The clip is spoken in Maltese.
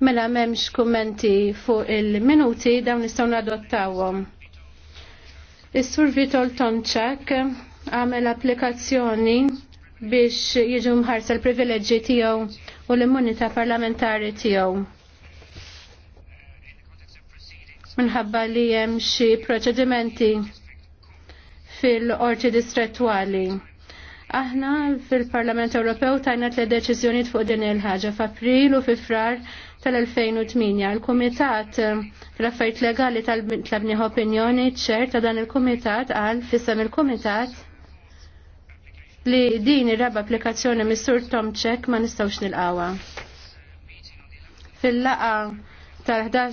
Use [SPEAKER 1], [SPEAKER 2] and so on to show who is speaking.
[SPEAKER 1] Mela memx kummenti fuq il-minuti dawn nistgħu nadottawhom. Is-Sur Vitol Tomczak għamel applikazzjoni biex jiġu mħarsa l-privileġġi tiegħu u l-immunità parlamentari tiegħu. Minħabba li hemm xi proċedimenti fil-qorti distrettwali. Aħna fil-Parlament Ewropew tajna tliet deċiżjonijiet fuq din il-ħaġa f'April u f'Frar tal-2008. Il-Kumitat raffajt Legali tal bniħ Opinjoni ċert ta' dan il-Kumitat għal fissem il-Kumitat li din ir-raba applikazzjoni mis-Sur Tom Czech ma nistgħux nilqawha. Fil-laqa tal-11